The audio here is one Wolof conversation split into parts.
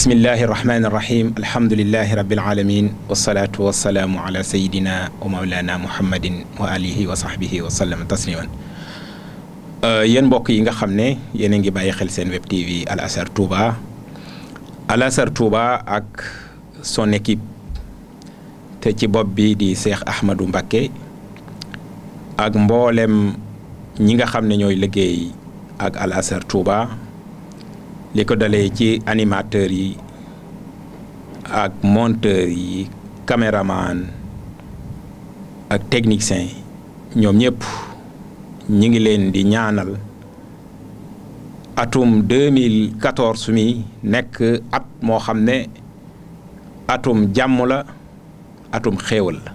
bismillahi irrahmani irrahim alhamdulilahi rabilalamin wasalatu wasalaamu ala sayidina wa maulana muhammadin wa alihi wa sahbihi wa sallama tasliman euh, yéen mbokk yi nga xam ne yéen a ngi bàyyi xel seen web tv Al Azhar Touba Al Azhar Touba ak son équipe te ci bopp bi di Cheikh Ahmadou Mbacké ak mboolem ñi nga xam ne ñooy liggéey ak Al Azhar Touba li ko dalee ci animateurs yi ak monteur yi caméraman ak technicien ñoom ñëpp ñu ngi leen di ñaanal atum 2014 mi nekk at moo xam ne atum jàmm la atum xéewal la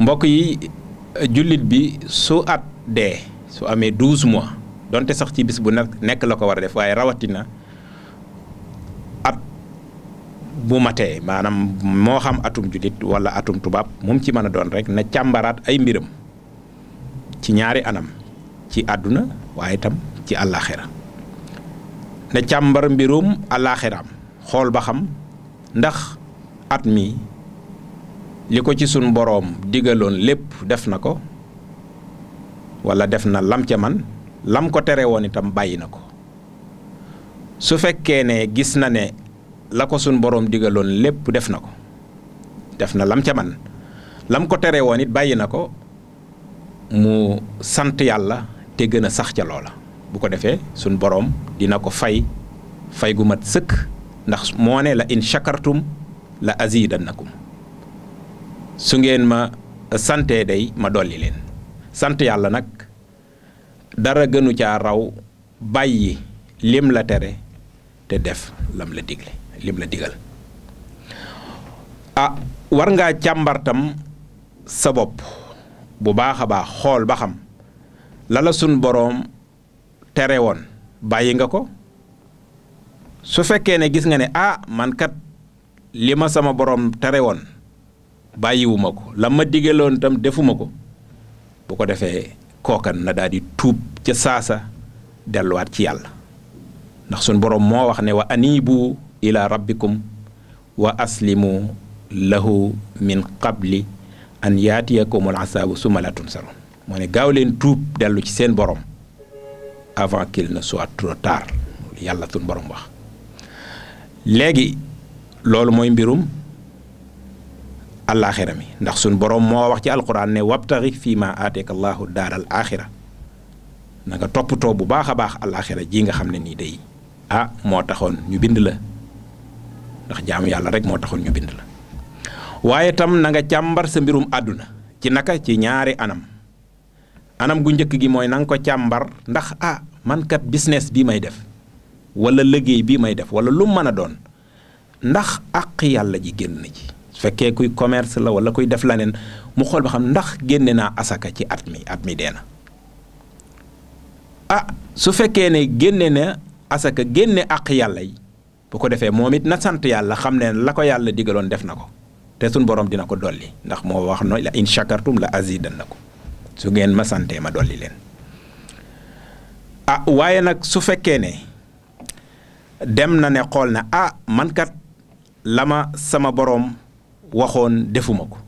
mbokk yi jullit bi su at dee su amee douze mois donte sax ci bis bu nekk la ko war a def waaye rawatina at bu matee maanaam moo xam atum julit wala atum tubaab mu ci mën a doon rek na càmbaraat ay mbiram ci ñaari anam ci àdduna waaye itam ci àllaaxira ne càmbar mbirum àllaaxiraam xool ba xam ndax at mi li ko ci sunu boroom digaloon lépp def na ko wala def na lam ca man lam ko tere woon itam bàyyi na ko su fekkee ne gis na ne la ko sunu boroom digaloon lépp def na ko def na lam ca man lam ko tere woon it bàyyi na ko mu sant yàlla te gën a sax ca loola bu ko defee sunu boroom dina ko fay fay gu mat sëkk ndax moo ne la in shakartum la azidannakum su ngeen ma sante day ma dolli leen sant yàlla nag dara gënu caa raw bàyyi lim la tere te def lam la digle lim la digal a ah, war ngaa jàmbartam sa bopp bu baax a baax xool ba xam la sun boroom tere woon bàyyi nga ko su fekkee ne gis nga ne ah man kat li ma sama boroom tere woon bàyyiwuma ko la ma digaloon tam defuma ko bu ko defee kookan na daal di tuub ca saasa delluwaat ci yàlla ndax suñ boroom moo wax ne wa anibu ila rabbikum wa aslimu lahu min qabli an yaatiyakumul asaabu suma la tunsaroon moo ne gaaw leen tuub dellu ci seen boroom avant kill na soit trop tard yàlla suñ boroom wax léegi loolu mooy mbirum allaaxira mi ndax suñ boroom moo wax ci alquran ne wabtaxi fii ma aateeka allaahu daaral aaxira na nga toppatoo bu baax a baax allaaxira ji nga xam ne nii day ah moo taxoon ñu bind la ndax jaamu yàlla rek moo taxoon ñu bind la waaye tam nanga nga càmbar sa mbirum àdduna ci naka ci ñaari anam anam gu njëkk gi mooy nanga ko càmbar ndax ah mankat kat bi may def wala liggéey bi may def wala lu mën a doon ndax àq yàlla ji génn na ci fekkee kuy commerce la wala kuy def leneen mu xool ba xam ndax génne naa asaka ci at mi at mi dee na ah su fekkee ne génne na asaka génne ak yàlla yi bu ko defee moom it na sant yàlla xam ne la ko yàlla digaloon def na ko te suñ borom dina ko dolli ndax moo wax no la in shakartum la ko su ngeen ma santee ma dolli leen ah waaye nag su fekkee ne dem na ne xool na ah man kat la ma sama boroom waxoon defuma ko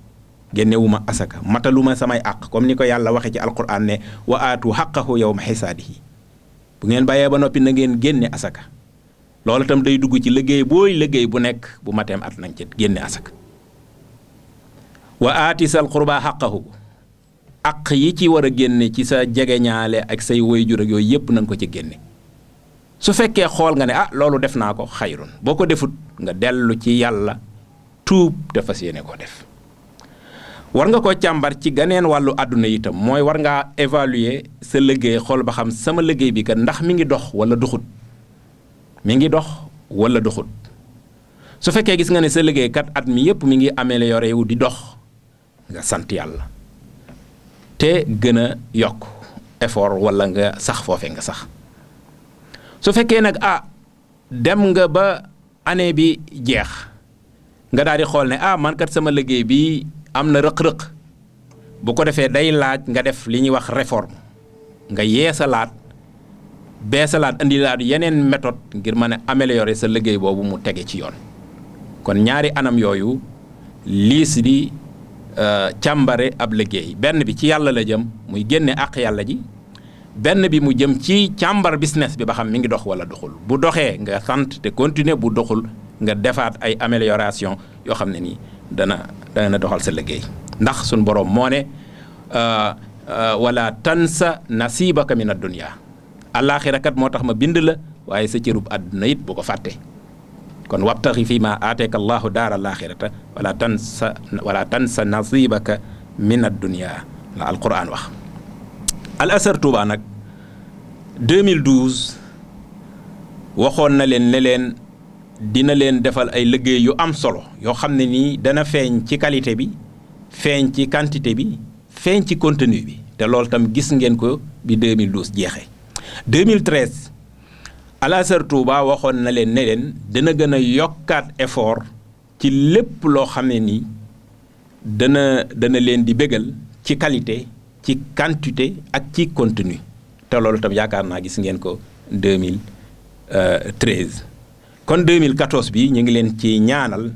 génnewuma asaka mataluma samay àq comme ni ko yàlla waxee ci alquran ne wa aatu xaqahu yow ma xisaadihi bu ngeen bàyyee ba noppi na ngeen génne asaka loolu itam day dugg ci liggéey booy liggéey bu nekk bu mateem at nañ ci génne asaka wa aati sal qurbaa xaqahu àq yi ci war a génne ci sa jegeñaale ak say waajur ak yooyu yépp nañ ko ci génne su fekkee xool nga ne ah loolu def naa ko xayrun boo ko defut nga dellu ci yàlla tuub dafa fas yéene ko def war nga koo càmbar ci ganeen wàllu àdduna itam mooy war ngaa évaluer sa liggéey xool ba xam sama liggéey bi kat ndax mi ngi dox wala duxut mi ngi dox walla duxut su fekkee gis nga ne sa liggéeykat at mi yëpp mi ngi amélioré wu di dox nga sant yàlla te gën a yokk effort walla nga sax foofe nga sax su fekkee nag ah dem nga ba année bi jeex nga daal di xool ne ah man kat sama liggéey bi am na rëq-rëq bu ko defee day laaj nga def li ñuy wax réforme nga yeesalaat laat indilaat yeneen méthode ngir mën a améliorer sa liggéey boobu mu tege ci yoon kon ñaari anam yooyu liis di euh, càmbare ab liggéey benn bi ci yàlla la jëm muy génne àq yàlla ji benn bi mu jëm ci càmbar business bi ba xam mi ngi dox wala doxul bu doxee nga sant te continuer bu doxul nga defaat ay amélioration yoo xam ne nii dana dana doxal sa liggéey ndax suñ boroom moo ne euh, euh, wala tansa nasibaka min ad-dunya àllaaxira kat moo tax ma bind la waaye sa cërub àdduna it bu ko fàtte kon wabtaxi fii ma aateeka daar daara laaxirata wala tansa wala tansa nasibaka min ad-dunya la alquran wax al asar Touba nag waxoon na leen ne leen dina leen defal ay liggéey yu am solo yoo xam ne nii dana feeñ ci qualité bi feeñ ci quantité bi feeñ ci contenu bi te loolu tam gis ngeen ko bi 2012 jeexee 2013 Alasar Touba waxoon na leen ne leen dana gën a yokkaat effort ci lépp loo xam ne nii dana dana leen di bégal ci qualité ci quantité ak ci contenu te loolu tam yaakaar naa gis ngeen ko 2013. kon 2014 bi ñu ngi leen ci ñaanal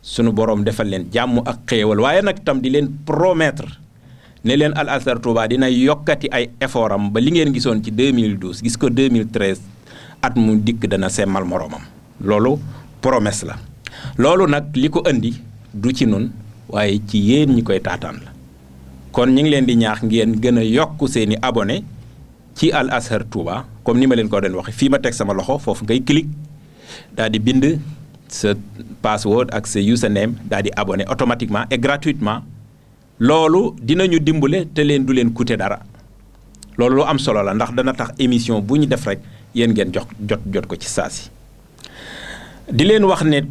sunu borom defal leen jàmm ak xéewal waaye nag tam di leen promettre ne leen Al Azhar Touba dina yokkati ay effort ba li ngeen gisoon ci 2012 gis ko 2013 at mu dikk dana semmal moroomam loolu promesse la loolu nag li ko indi du ci nun waaye ci yéen ñi koy taataan la kon ñu ngi leen di ñaax ngeen gën a yokk seeni abonné ci Al Azhar Touba comme ni ma leen ko doon waxe fii ma teg sama loxo foofu ngay clic daal di bind sa password ak sa username daal di abonné automatiquement et gratuitement loolu dinañu dimbale te leen du leen coûter dara loolu lu am solo la ndax dana tax émission bu ñu def rek yéen ngeen jox jot jot ko ci saasi di leen wax ne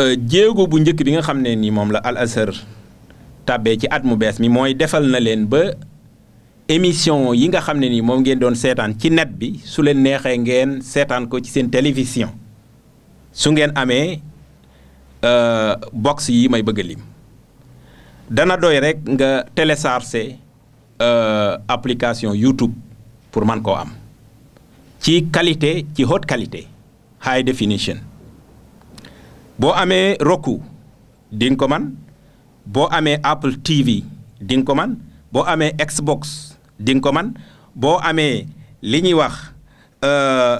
euh, jéego bu njëkk bi nga xam ne nii moom la Al Azhar tàbbee ci at mu bees mi mooy defal na leen ba émission yi nga xam ne nii moom ngeen doon seetaan ci net bi su leen neexee ngeen seetaan ko ci seen télévision su ngeen amee euh, box yi may bëgg a lim dana doy rek nga télécharger euh, application YouTube pour man koo am ci qualité ci haute qualité high definition boo amee Roku di ko man boo amee Apple TV di nga ko man boo amee Xbox di ko man boo amee li ñuy wax euh,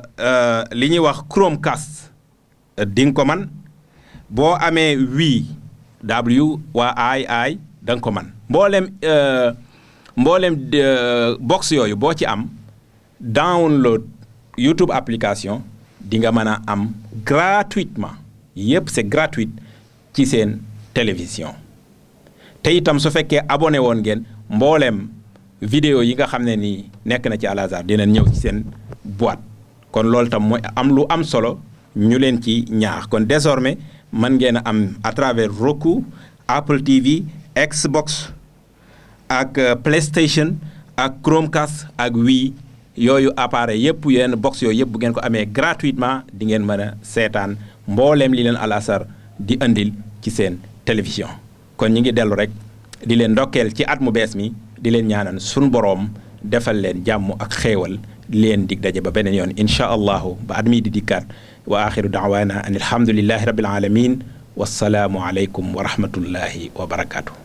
li ñuy wax Chromecast Euh, dinga ko man boo amee wii w waa aay aay da nga ko man mboolem euh, mboolem euh, box yooyu boo ci am download YouTube application di nga mën a am gratuitement yëpp c'est gratuite ci seen télévision te itam su fekkee abonné woon ngeen mbooleem vidéo yi nga xam ne ni nekk na ci Al Azhar ñëw ci seen boîte kon loolu tam mooy am lu am solo ñu leen ci ñaax kon désormais man ngeen a am à travers Roku Apple TV box ak euh, PlayStation ak Chromecast ak Wii yooyu appareil yëpp yenn box yooyu yëpp bu ngeen ko amee gratuitement di ngeen mën a seetaan mbooleem li leen Al Azhar di indil ci seen télévision kon ñi ngi dellu rek di leen ndokkeel ci at mu bees mi di leen ñaanal sunu boroom defal leen jàmm ak xéewal leen dig daje ba beneen yoon inchaa allahu ba at mii di dikkaat wa axiru daawaana an alhamdulillahi rabbil alamin wassalaamu aleykum wa rahmatullahi wa barakaatu